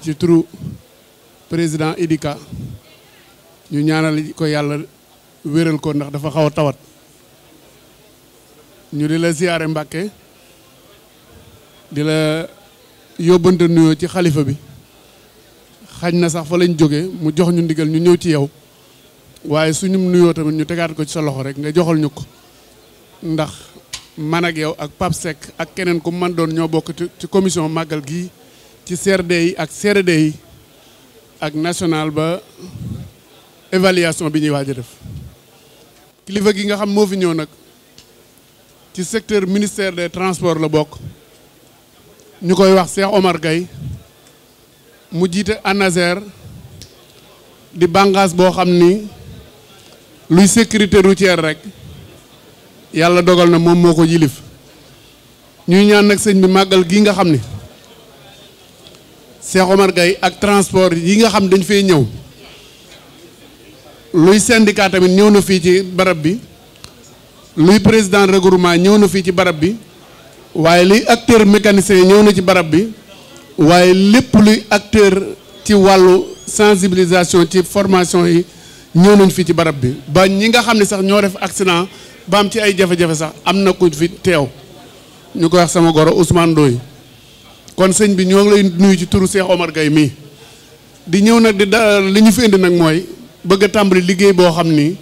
ci turu président Idika ñu ñaanal ko yàlla wéral ko ndax dafa xaw a tawat ñu di la siyaare Mbàkke di la yóbbante nuyoo ci xalifa bi xañ na sax fa lañ jóge mu jox ñu ndigal ñu ñëw ci yow waaye suñu nuyoo tamit ñu tegaat ko ci sa loxo rek nga joxal ñu ko ndax man ak yow ak Pape Seck ak keneen ku man doon ñoo bokk ci commission màggal gii ci CRD yi ak CRD yi ak national ba évaluation bi ñuy waaj a def kilifa gi nga xam moo fi ñëw nag ci secteur ministère des transport la bokk ñu koy wax Cheikh Omar Gaye mu jiite ANASER di bànqaas boo xam ni luy sécurité routière rek yàlla dogal na moom moo ko yilif ñuy ñaan nag sëñ bi màggal gii nga xam ni Cheikh Omar Gueye ak transport yi nga xam dañ fay ñëw luy syndicat tamit ñëw na fii ci barab bi luy président regroupement ñëw na fii ci barab bi waaye luy acteur mécanicien ñëw na ci barab bi waaye lépp luy acteur ci wàllu sensibilisation ci formation yi ñëw nañ fii ci barab bi ba ñi nga xam ne sax ñoo def accident ba am ci ay jafe-jafe sax am na ku fi teew ñu ko wax sama goro Ousmane yi kon sëñ bi ñoo ngi lay nuyu ci turu Cheikh Omar Gueye mii di ñëw nag di da li ñu fi indi nag mooy bëgg a tàmbali liggéey boo xam ni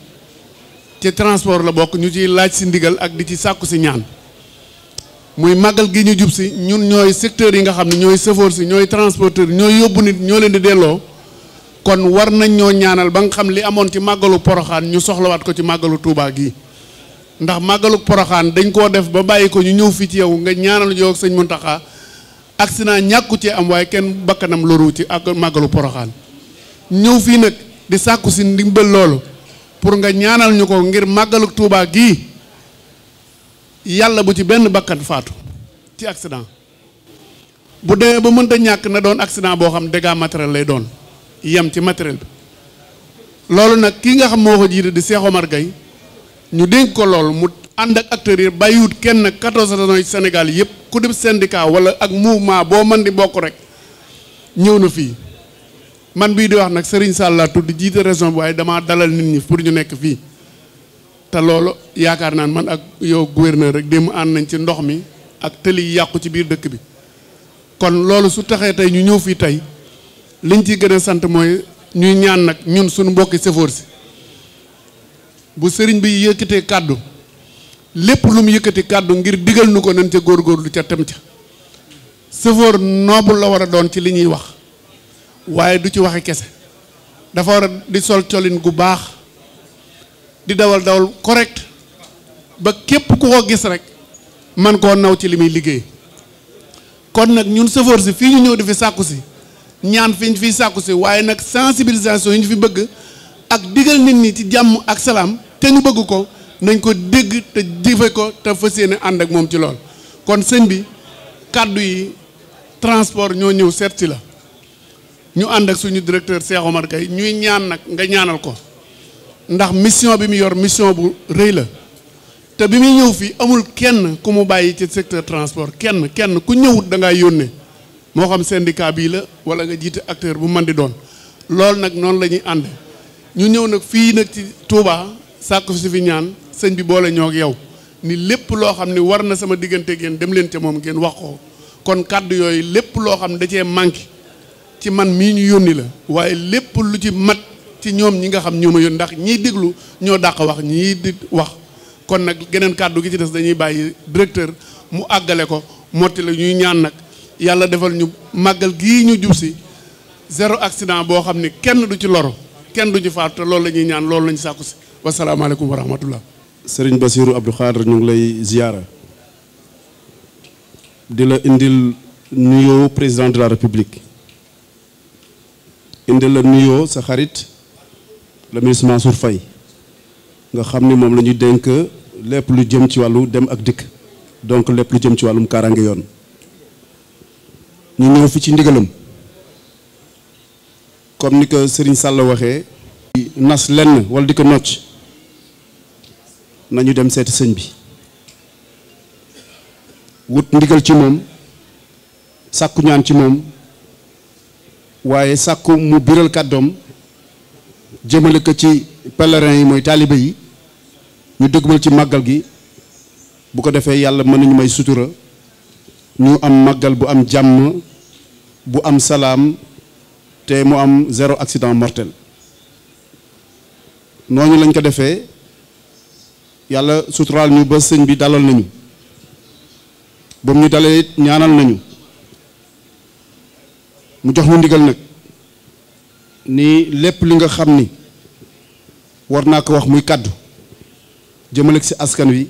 ci transport la bokk ñu ci laaj si ndigal ak di ci sàkku si ñaan muy màggal gi ñu jub si ñun ñooy secteur yi nga xam ne ñooy chauffeur si ñooy transporteur ñooy yóbbu nit ñoo leen di delloo kon war nañ ñoo ñaanal ba nga xam li amoon ci màggalu poroxaan ñu soxlawaat ko ci màggalu tuubaa gii ndax màggalu poroxaan dañ koo def ba bàyyi ko ñu ñëw fii ci yow nga ñaanal yow sëñ Muntaxa accident ñàkku ci am waaye kenn bakkanam loru ci ak màggalu poroxaan ñëw fii nag di sàkku si ndimbal loolu pour nga ñaanal ñu ko ngir màggalu Tuubaa gii yàlla bu ci benn bakkan faatu ci accident bu demee ba mënta ñàkk na doon accident boo xam dégâts matériel lay doon yem ci matériel bi loolu nag ki nga xam moo ko jiite di Cheikh Omar Gueye ñu dénk ko loolu mu ànd ak acteurs yi bàyyiwut kenn quatorze régions yi Sénégal yëpp ku dem syndicat wala ak mouvement boo man di bokk rek ñëw na fii man bii di wax nag Serigne Sall laa tudd jiite région bi waaye damaa dalal nit ñi pour ñu nekk fii te loolu yaakaar naan man ak yow gouverneur rek démb ànd nañ ci ndox mi ak tëli yi yàqu ci biir dëkk bi kon loolu su taxee tey ñu ñëw fii tey liñ ciy gën a sant mooy ñuy ñaan nag ñun suñu mbokki sëfoor si bu sëriñ bi yëkkatee kàddu lépp lu mu yëkkati kàddu ngir digal nu ko nañ ca góorgóorlu ca tem ca sëfoor noobul la war a doon ci li ñuy wax waaye du ci waxi kese dafa war a di sol colin gu baax di dawal dawal correct ba képp ku ko gis rek man koo naw ci li muy liggéey kon nag ñun sëfoor si fii ñu ñëw di fi sàkku si ñaan fi ñu fiy sàkku si waaye nag sensibilisation yi ñu fi bëgg ak digal nit ñi ci jàmm ak salaam te ñu bëgg ko nañ ko dégg te jëfe ko te fas yéene ànd ak moom ci lool kon sëñ bi kàddu yi transport ñoo ñëw seet si la ñu ànd ak suñu directeur Cheikh Omar ñuy ñaan nag nga ñaanal ko ndax mission bi mu yor mission bu rëy la te bi muy ñëw fii amul kenn ku mu bàyyi ci secteur transport kenn kenn ku ñëwut da ngaa yónnee moo xam syndicat bii la wala nga jiite acteur bu mën di doon loolu nag noonu lañuy ñuy ànd ñu ñëw nag fii nag ci Touba sàkku si fi ñaan sëñ bi boole ñoo yow ni lépp loo xam ni war na sama diggante ngeen dem leen ca moom ngeen wax ko kon kàddu yooyu lépp loo xam da cee manqué ci man mii ñu yónni la waaye lépp lu ci mat ci ñoom ñi nga xam ñoo ma yónni ndax ñiy déglu ñoo dàq wax ñii di wax kon nag geneen kàddu gi ci des dañuy bàyyi directeur mu àggale ko motti la ñuy ñaan nag yàlla defal ñu màggal gii ñu jub si zéro accident boo xam ne kenn du ci loro kenn du ci faatu te loolu la ñuy ñaan loolu la ñu sàkku si wasalaamaaleykum wa rahmatullah sëriñ Basiiru Abdou Khadre ñu ngi lay ziyaara di la indil nuyoo président de la république indi la nuyoo sa xarit le ministre Mansour Faye nga xam ni moom la ñuy dénk lépp lu jëm ci wàllu dem ak dikk donc lépp lu jëm ci wàllum kaaraange yoon ñu ñëw fi ci ndigalam comme ni ko sëriñ Sall waxee nas lenn wala di ko nocc nañu dem seeti sëñ bi wut ndigal ci moom sàkku ñaan ci moom waaye sàkku mu biral kàddoom jëmale ko ci pèlerin yi mooy taaliba yi ñu dëgmal ci màggal gi bu ko defee yàlla mën nañu may sutura ñu am màggal bu am jàmm bu am salaam te mu am zéro accident mortel noonu lañ ko defee yàlla suturaal mi ba sëñ bi dalal nañu ba mu ñu dalee ñaanal nañu mu jox ñu ndigal nag nii lépp li nga xam ni war naa ko wax muy kàddu jëmale ci askan wi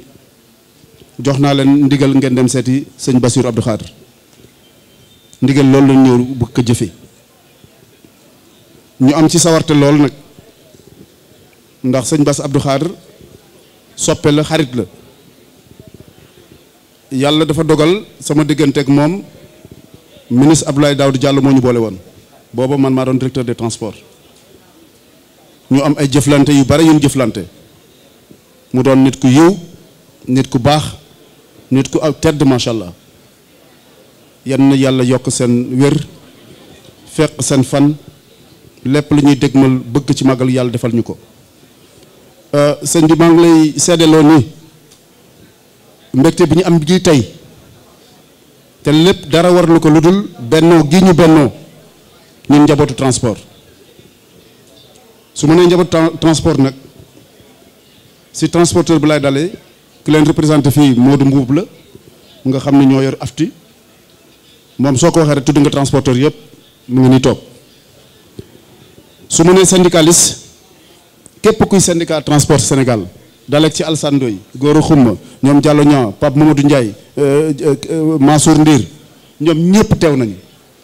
jox naa leen ndigal ngeen dem seeti sëñ Bassirou Abdou Khadre ndigal loolu lañ ñëw bëgg ko jëfe ñu am ci sawarte lool nag ndax sëñ Bass Abdou Khadre soppe la xarit la yàlla dafa dogal sama diggante ak moom ministre Abdoulaye di Diallo moo ñu boole woon booba man maa doon directeur des transports ñu am ay jëflante yu bare yuñ jëflante mu doon nit ku yiw nit ku baax nit ku aw tedd macha allah yan yàlla yokk seen wér fekk seen fan lépp lu ñuy ma bëgg ci màggal yàlla defal ñu ko Euh, sëñ bi maa ngi lay seddaloo nii mbégte bi ñu am gi tey te lépp dara war lu ko lu dul bennoo gi ñu bennoo ñun njabootu transport su ma nee njabootu transport nag si transporteur bi lay dalee ki leen représenté fii Modou Mbuub la nga xam ne ñoo yor afti moom soo ko waxee rek tudd nga transporteur yëpp mu ngi nii toog su ma nee syndicaliste képp kuy syndicat transport Sénégal dalek ci Alassane Ndoye Gora Xumma ñoom Diallo Niang Pape Mamadou Ndiaye euh, euh, euh, Mansour Ndir ñoom ñëpp teew nañu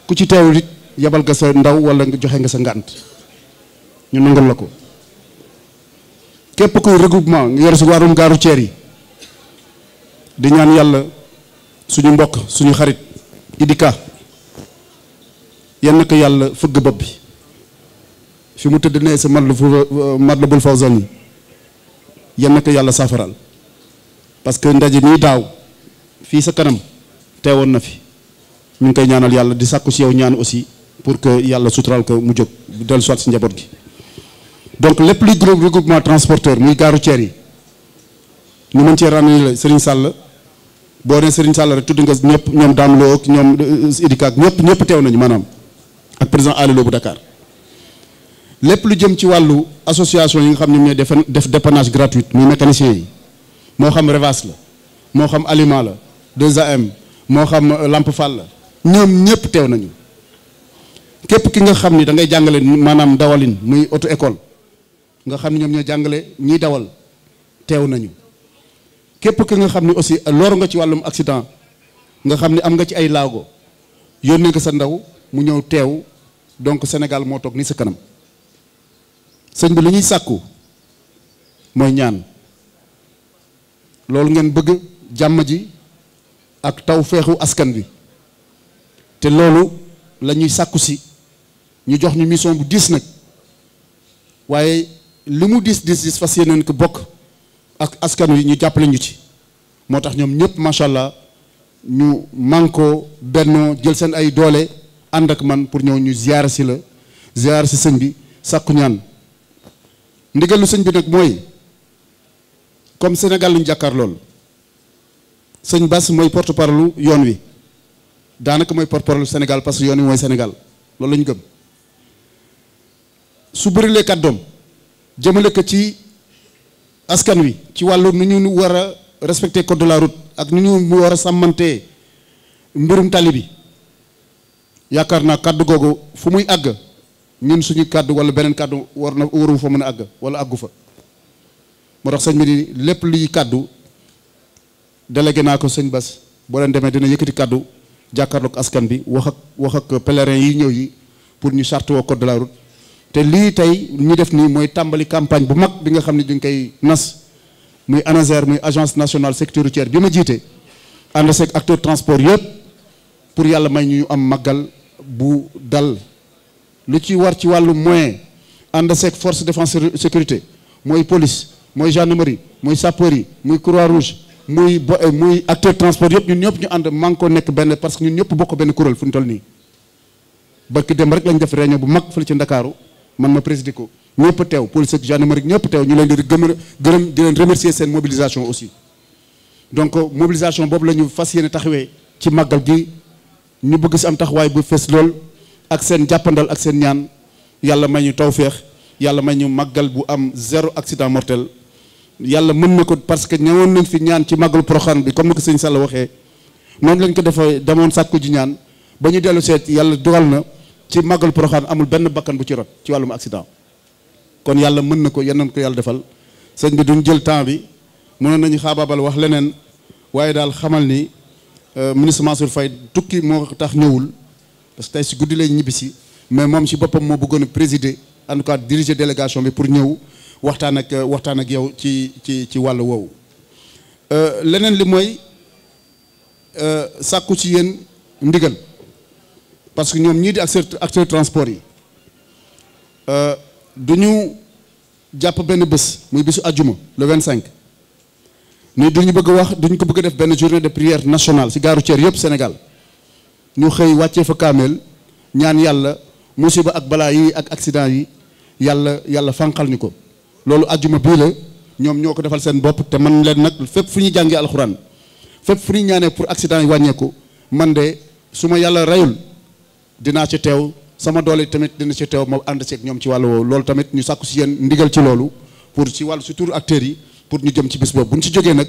ku ci teewul it yebal nga sa ndaw wala nga joxe nga sa ngànt ñu nangal la ko képp kuy regroupement nga yor si waarum gaaru ceer yi di ñaan yàlla suñu mbokk suñu xarit idika yenn ko yàlla fëgg bopp bi fi mu tëdd ne sa Matlabul Fawzayni yan na ko yàlla saafaral parce que ndaje nii daaw fii sa kanam teewoon na fi ñu ngi koy ñaanal yàlla di sàkku si yow ñaan aussi pour que yàlla suturaal ko mu jóg del soit si njaboot gi donc lépp luy groupe regroupement transporteur muy gaaru ceer yi ñu mën cee ràññee la Serigne Sall boo nee Serigne Sall rek tudd nga ñëpp ñoom Dame Lo ak ñoom euh, Idika ak ñëpp ñëpp teew nañu maanaam ak président Aliou Lo bu Dakar lépp lu jëm ci wàllu association yi nga xam ne ñooy def def dépannage gratuite muy mécanicien yi moo xam Revas la moo xam aliment la 2AM moo xam euh, Lamp Fall la ñoom ñëpp teew nañu képp ki nga xam ni da ngay jàngale maanaam dawalin muy oto école nga xam ne ñoom ñoo jàngale ñii dawal teew nañu képp ki nga xam ne aussi loru nga ci wàllum accident nga xam ni am nga ci ay laago yónnee nga sa ndaw mu ñëw teew donc Sénégal moo toog ni sa kanam sëñ bi li ñuy sàkku mooy ñaan loolu ngeen bëgg jàmm ji ak taw feexu askan bi te loolu la ñuy sàkku si ñu jox ñu mission bu diis nag waaye li mu diis diis diis fas yéeneen ko bokk ak askan wi ñu jàppale ñu ci moo tax ñoom ñëpp macha allah ñu mànkoo bennoo jël seen ay doole ànd ak man pour ñëw ñu ziyaar si la ziyaar si sëñ bi sàkku ñaan ndigalu sëñ bi nag mooy comme Sénégal luñ jàkkaar lool sëñ Bass mooy porte parole yoon wi daanaka mooy porte parole Sénégal parce que yoon wi mooy Sénégal loolu la ñu gëm su bërilee kàddoom jëmale ko ci askan wi ci wàllu nu ñu war a respecter code la route ak nu ñu war a sàmmantee mbirum tali bi yaakaar naa kàddu googu fu muy àgg. ñun suñu kàddu wala beneen kàddu war na waru fa mën a àgg wala àggu fa moo tax sëñ bi ni lépp luy kàddu délégué naa ko sëñ Bas boo leen demee dina yëkkati kàddu jàkkaarloog askan bi wax ak wax ak pèlerin yi ñëw yi pour ñu charte woo code de la te lii tey ñu def nii mooy tàmbali campagne bu mag bi nga xam ne ñu ngi koy nas muy anager muy agence nationale sécurité routière bi ma jiite ànd seeg acteur transport yëpp pour yàlla may ñu am màggal bu dal lu ci war ci wàllu moyen ànd seeg force défense sécurité mooy police mooy gendarmerie mooy sapeur yi muy croix rouge muy bo eh, muy acteur transport yëpp ñun ñëpp ñu ànd maa ngi ko nekk benn parce que ñun ñëpp bokk benn kuréel fu ñu toll nii barki dem rek lañ def réunion bu mag fële ci Ndakaaru man ma présider ko ñëpp teew police ak gendarmerie ñëpp teew ñu leen di gëm gërëm di leen remercier seen mobilisation aussi donc mobilisation boobu la ñu fas yéene taxawee ci màggal gi ñu bëgg si taxawaay bu fees lool ak seen jàppandal ak seen ñaan yàlla may ñu tawféex yàlla may ñu màggal bu am zéro accident mortel yàlla mën na ko parce que ñëwoon nañ fi ñaan ci màggul Poroxaan bi comme ni ko sëñ Sall waxee noonu lañ ko defee demoon sàkku ji ñaan ba ñu dellu seet yàlla dogal na ci màggalu Poroxaan amul benn bakkan bu ci rot ci wàllum accident kon yàlla mën na ko yal nañ ko yàlla defal sëñ bi duñ jël temps bi mënoon nañu xaabaabal wax leneen waaye daal xamal ni euh, ministre Mansour Faye tukki moo tax ñëwul parce que tey si guddi lañu ñibbisi mais moom si boppam moo bëggoon a présider en tout cas diriger délégation bi pour ñëw waxtaan ak waxtaan ak yow ci ci ci wàll woowu. Euh, leneen li mooy euh, sàkku ci yenn ndigal parce que ñoom ñii di acteur acteur transport yi euh, du ñu jàpp benn bés muy bisu àjjuma le 25. ni du ñu bëgg a wax du ñu ko bëgg a def benn journée de prière nationale si gare routière yëpp Sénégal. ñu xëy wàccee fa kaameel ñaan yàlla musiba ak balaa yi ak accident yi yàlla yàlla fanqal ñu ko loolu ajjuma bii la ñoom ñoo ko defal seen bopp te man leen nag fépp fu ñuy jàngee alxuraan fépp fu ñuy ñaanee pour accident yi wàññeeku man de su ma yàlla reyul dinaa ci teew sama doole tamit dina ci teew ma ànd seeg ñoom ci wàllu woowu loolu tamit ñu sàkku si yeen ndigal ci loolu pour ci wàllu surtout acteurs yi pour ñu jëm ci bis boobu bu ñu si jógee nag.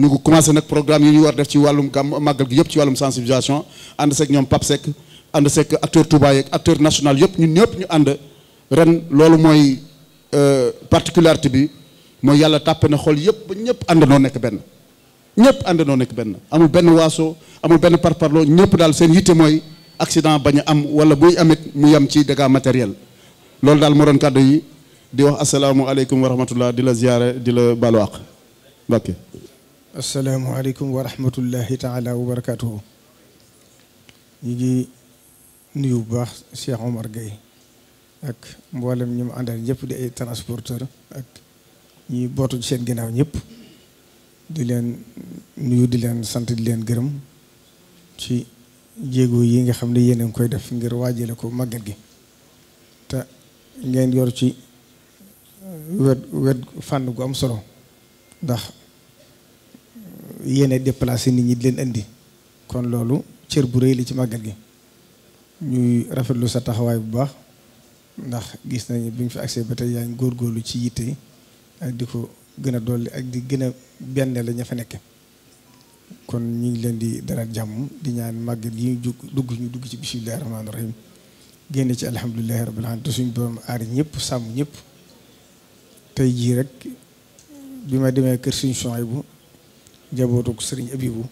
ñu ngi commencé nag programme yi ñu war def ci wàllum gàmm màggal gi yëpp ci wàllum sensibilisation ànd seeg ñoom Pape Seck ànd seeg acteur Touba yeeg acteur national yëpp ñun ñëpp ñu ànd ren loolu mooy euh, particularité bi mooy yàlla tàppe na xol yëpp ba ñëpp àndandoo nekk benn ñëpp àndandoo nekk benn amul benn waaso amul benn parparloo ñëpp daal seen yitte mooy accident bañ a am wala buy amit mu yem ci dégâts matériel loolu daal moo doon kàddu yi di wax asalaamualeykum wa rahmatullah di la ziyaare di la baalu àq asalaamualeykum wa rahmatullahi taala wa barakaatuhu ñu ngi nuyu bu baax Cheikh Omar Gueye ak mboolem ñu mu àndal ñëpp di ay transporteur ak ñi bootu ci seen ginnaaw ñëpp di leen nuyu di leen sant di leen gërëm ci jéego yi nga xam ne yéen a ngi koy def ngir waajale ko màggal gi te ngeen yor ci wet wet fànn gu am solo ndax yéene déplacé nit ñi di leen indi kon loolu cër bu rëy la ci màggal gi ñuy rafetlu sa taxawaay bu baax ndax gis nañu bi ñu fi accès ba tey yaa ngi góorgóorlu ci yitte yi ak di ko gën a dolli ak di gën a benn la ña fa nekk kon ñu ngi leen di dara jàmm di ñaan màggal gi ñu jug dugg ñu dugg ci bismillahi rahmaani rahim génn ci alhamdulilahi rabbil alamin te suñu borom aar ñëpp sàmm ñëpp tey jii rek bi ma demee kër suñu son bu jabootug sëriñ Abibu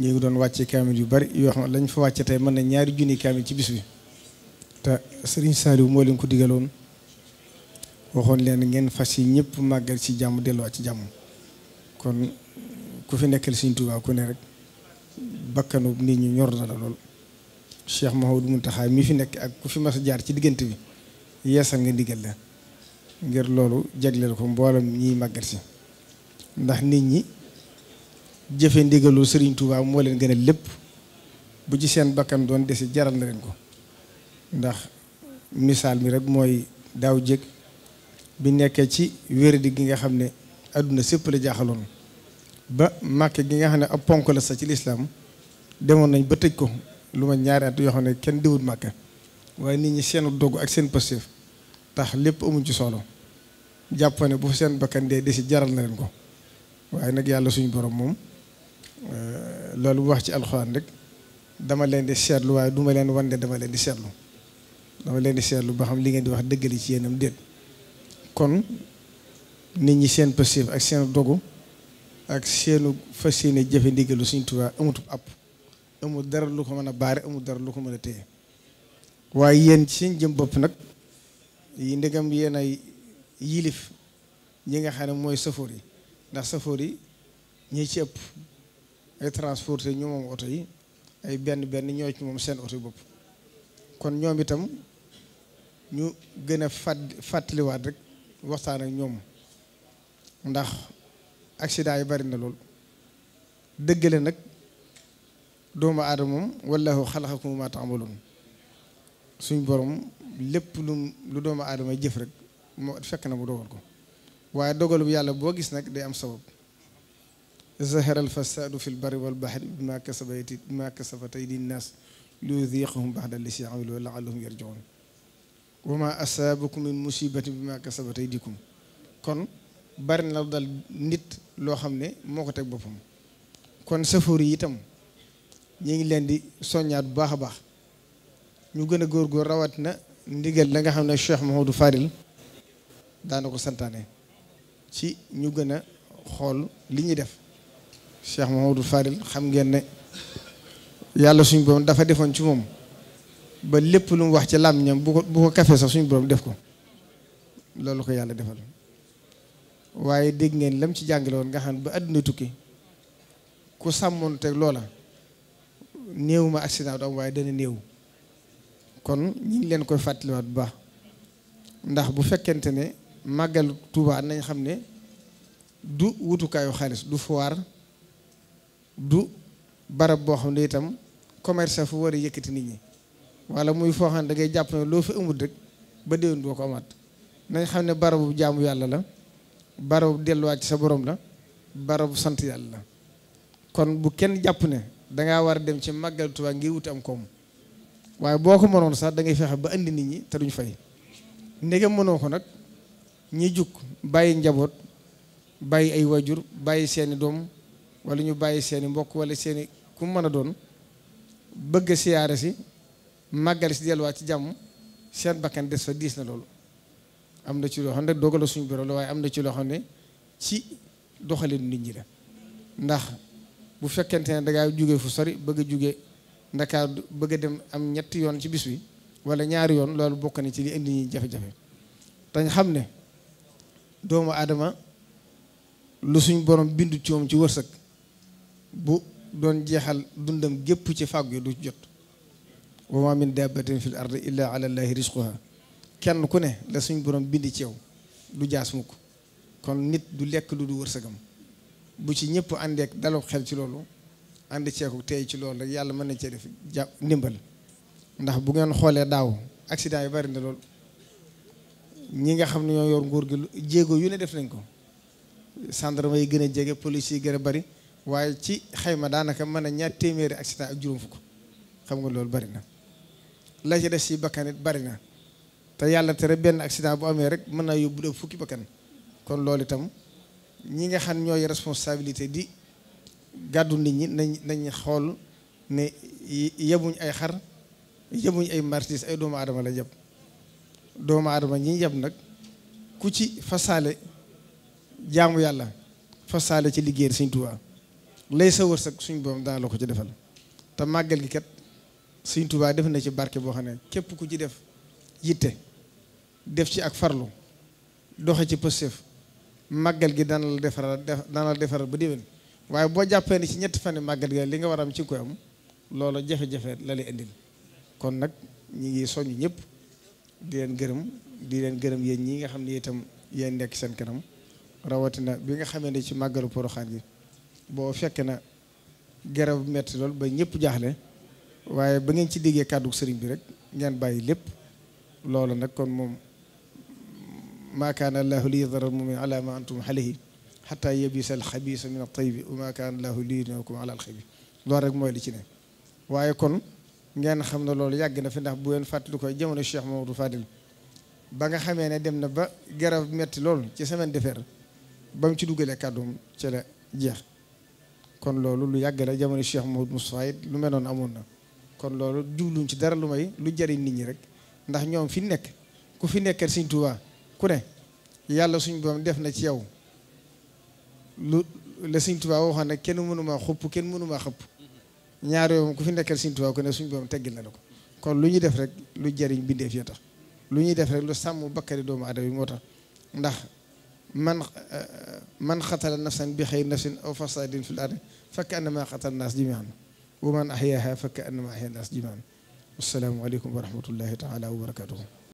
ñu ngi doon wàcce kaamil yu bari yoo xam ne lañ fa wàcce tey mën na ñaari junni kaamil ci bis bi te sëriñ Saliou moo leen ko digaloon waxoon leen ngeen fas yi ñëpp màggat ci jàmm delluwaat ci jàmm kon ku fi nekkal sëriñ Tuubaa ku ne rek bakkanu nit ñi ñor na la lool Cheikh Mouhamadou Mountakha mi fi nekk ak ku fi mas jaar ci diggante bi yeesal nga diggal la ngir loolu jagleel ko mboolem ñiy màggat si ndax nit ñi jëfe ndigalu Serigne Touba moo leen gënal lépp bu ci seen bakkan doon desi jaral na leen ko ndax misaal bi rek mooy daaw jëkk bi nekkee ci wéradi gi nga xam ne àdduna sépp la jaaxaloon ba makke gi nga xam ne ab ponk la sa ci lislaam demoon nañ ba tëj ko lu ma ñaari at yoo xam ne kenn diwut màkka waaye nit ñi seenu dogg ak seen pastéef tax lépp amuñ ci solo jàpp ne bu seen bakkan dee desi jaral na leen ko waaye nag yàlla suñu borom moom Euh, loolu bu wax ci alxuraan rek dama leen di seetlu waaye duma leen wan ne dama leen di seetlu dama leen di seetlu ba xam li ngeen di wax dëggali ci yéenam déet kon nit ñi seen passif ak seen dogu ak seenu fas yéene jëfe ndigalu Sëriñ Tuubaa app amul dara lu ko mën a baare amul dara lu ko mën a téye waaye yéen ci seen jëm bopp nag yi ndegam yéen ay yilif ñi nga xam ne mooy safoor yi ndax safoor yi ñi ci ëpp ay transporté ñu moom oto yi ay benn benn ñoo ci moom seen oto yi bopp kon ñoom itam ñu gën a fàtt fàttaliwaat rek waxtaan ak ñoom ndax accident yi bari na lool dëggale nag doomu aadama moom wallahu xalaqakum ma taamaloon suñ borom lépp lu lu doomu aadama jëf rek moo fekk na mu dogal ko waaye dogalub yàlla boo gis nag day am sabab zahara alfasadu fi lbarri walbahri bima kasabat bima kasabat aydi nnas liyudiqahum bada allati amilu laallahum yarjiun wa ma asaabakum min musibatin bima kasabat aydikum kon bari na dal nit loo xam ne moo ko teg boppam kon safoor yi itam ñu ngi leen di soññaat bu baax a baax ñu gën a góor rawat na ndigal la xam ne Cheikh Mahamadou Fadil daana ko santaane ci ñu gën a xool li ñuy def Cheikh Mamadou Fadil xam ngeen ne yàlla suñ borom dafa defoon ci moom ba lépp lu wax ci làmmiñam bu ko bu ko kafee sax suñ borom def ko loolu ko yàlla defal waaye dégg ngeen lam ci jàngale nga xam ba àdduna tukki ku sàmmoon teg loola néew ma accident du waaye dana néew kon ñu leen koy fàttaliwaat bu baax ndax bu fekkente ne màggal Tuubaa nañ xam ne du wutukaayu xaalis du foire du barab boo xam ne itam commerce fu war a yëkkati nit ñi wala muy foo xam ne da ngay jàpp ne loo fi amul rek ba déwén doo ko amaat nañ xam ne barabu jaamu yàlla la barabu delluwaat ci sa boroom la barabu sant yàlla la kon bu kenn jàpp ne dangaa war a dem ci màggal Tuubaa ngir wuti am koom waaye boo ko mënoon sax dangay ngay fexe ba indi nit ñi te duñ fay ndege mënoo ko nag ñi jug bàyyi njaboot bàyyi ay wajur bàyyi seeni doom wala ñu bàyyi seeni mbokk wala seeni ku mën a doon bëgg siyaare si màggali si delluwaat ci jàmm seen bakkan des fa diis na loolu am na ci loo xam ne dogal suñu biro waaye am na ci loo xam ne ci nit ñi la ndax bu fekkente ne dagaa jóge fu sori bëgg a jóge ndakaar bëgg dem am ñetti yoon ci bis wi wala ñaari yoon loolu bokk na ci li indi ñi jafe-jafe dañ xam ne doomu aadama lu suñ borom bindu ci moom ci wërsëg bu doon jeexal dundam gépp ci fàggu du jot wa ma min dabbatin fil ardi illa ala llahi risquha kenn ku ne la suñ borom bind ceew yow du jaas mukk kon nit du lekk lu du wërsëgam bu ci ñëpp àndeek dalu xel ci loolu ànd ceeku tey ci loolu rek yàlla mën na cee def jàpp ndimbal ndax bu ngeen xoolee daaw accident yu bari na lool ñi nga xam ne ñoo yor nguur gi jéego yu ne def nañ ko gendarme yi gën a jege police yi gën a bari waaye ci xayma daanaka mën a ñaat téeméeri accident ak juróom fukk xam nga loolu bari na la ci des si bakkanit it bari na te yàlla tere benn accident bu amee rek mën naa yóbbu def fukki bakkan kon loolu itam ñi nga xam ñooy responsabilité di gàddu nit ñi nañ nañ xool ne yebuñ ay xar yebuñ ay martis ay doomu adama la yeb doomu aadama ñi yeb nag ku ci fasaale jaamu yàlla fasaale ci liggéey Sëñ Tuubaa lay sa wërsëg suñ boom dana ko ci defal te màggal gi kat suñ tubaa def na ci barke boo xam ne képp ku ci def yitte def ci ak farlu doxe ci pëstéef màggal gi dana la defaral dana la defaral ba déwén waaye boo jàppee ni ci ñetti fan màggal gi li nga war a am ci koy am loolu jafe-jafe la lay indil kon nag ñi ngi soññ ñëpp di leen gërëm di leen gërëm yéen ñi nga xam ne tam yéen nekk seen kanam rawatina bi nga xamee ne ci màggalu poroxaan gi boo fekk na garab metti lool ba ñëpp jaaxle waaye ba ngeen ci déggee kàddu sëriñ bi rek ngeen bàyyi lépp loolu nag kon moom maa kaana allaahu li yadara almumin ala ma antum alayhi xata yabisa alxabisa min altayibi wa maa kaana allaahu li yudinakum ala alxabi loolu rek mooy li ci ne waaye kon ngeen xam ne loolu yàgg na fi ndax bu ngeen fàttali koy jamono Cheikh Mamadou Fadil ba nga xamee ne dem na ba garab metti lool ci semaine de fer ba mu ci dugalee kàddoom ci la jeex kon loolu lu yàgg la jamono Cheikh mu Moustapha it lu mel noonu amoon na kon loolu jubluñ ci dara lu may lu jariñ nit ñi rek ndax ñoom fi nekk ku fi nekkee Sëriñ Tuubaa ku ne yàlla suñ boom def na ci yow lu la Sëriñ Tuubaa waxoon ne kenn mënumaa xupp kenn mënumaa xëpp ñaar yooyu ku fi nekkee Sëriñ Tuubaa ku suñ boom teggil na la ko kon lu ñuy def rek lu jariñ bindeef ya tax lu ñuy def rek lu sàmm bakkari doomu aadama bi moo tax ndax man eh, man xatala nafsan bi xëy nafsin aw fasadin fil ardi fakka annama xatal naas jamian wa man axyaaha fakka annama axya naas jamian assalaamu aleykum wa rahmatullahi taala wa barakatuhu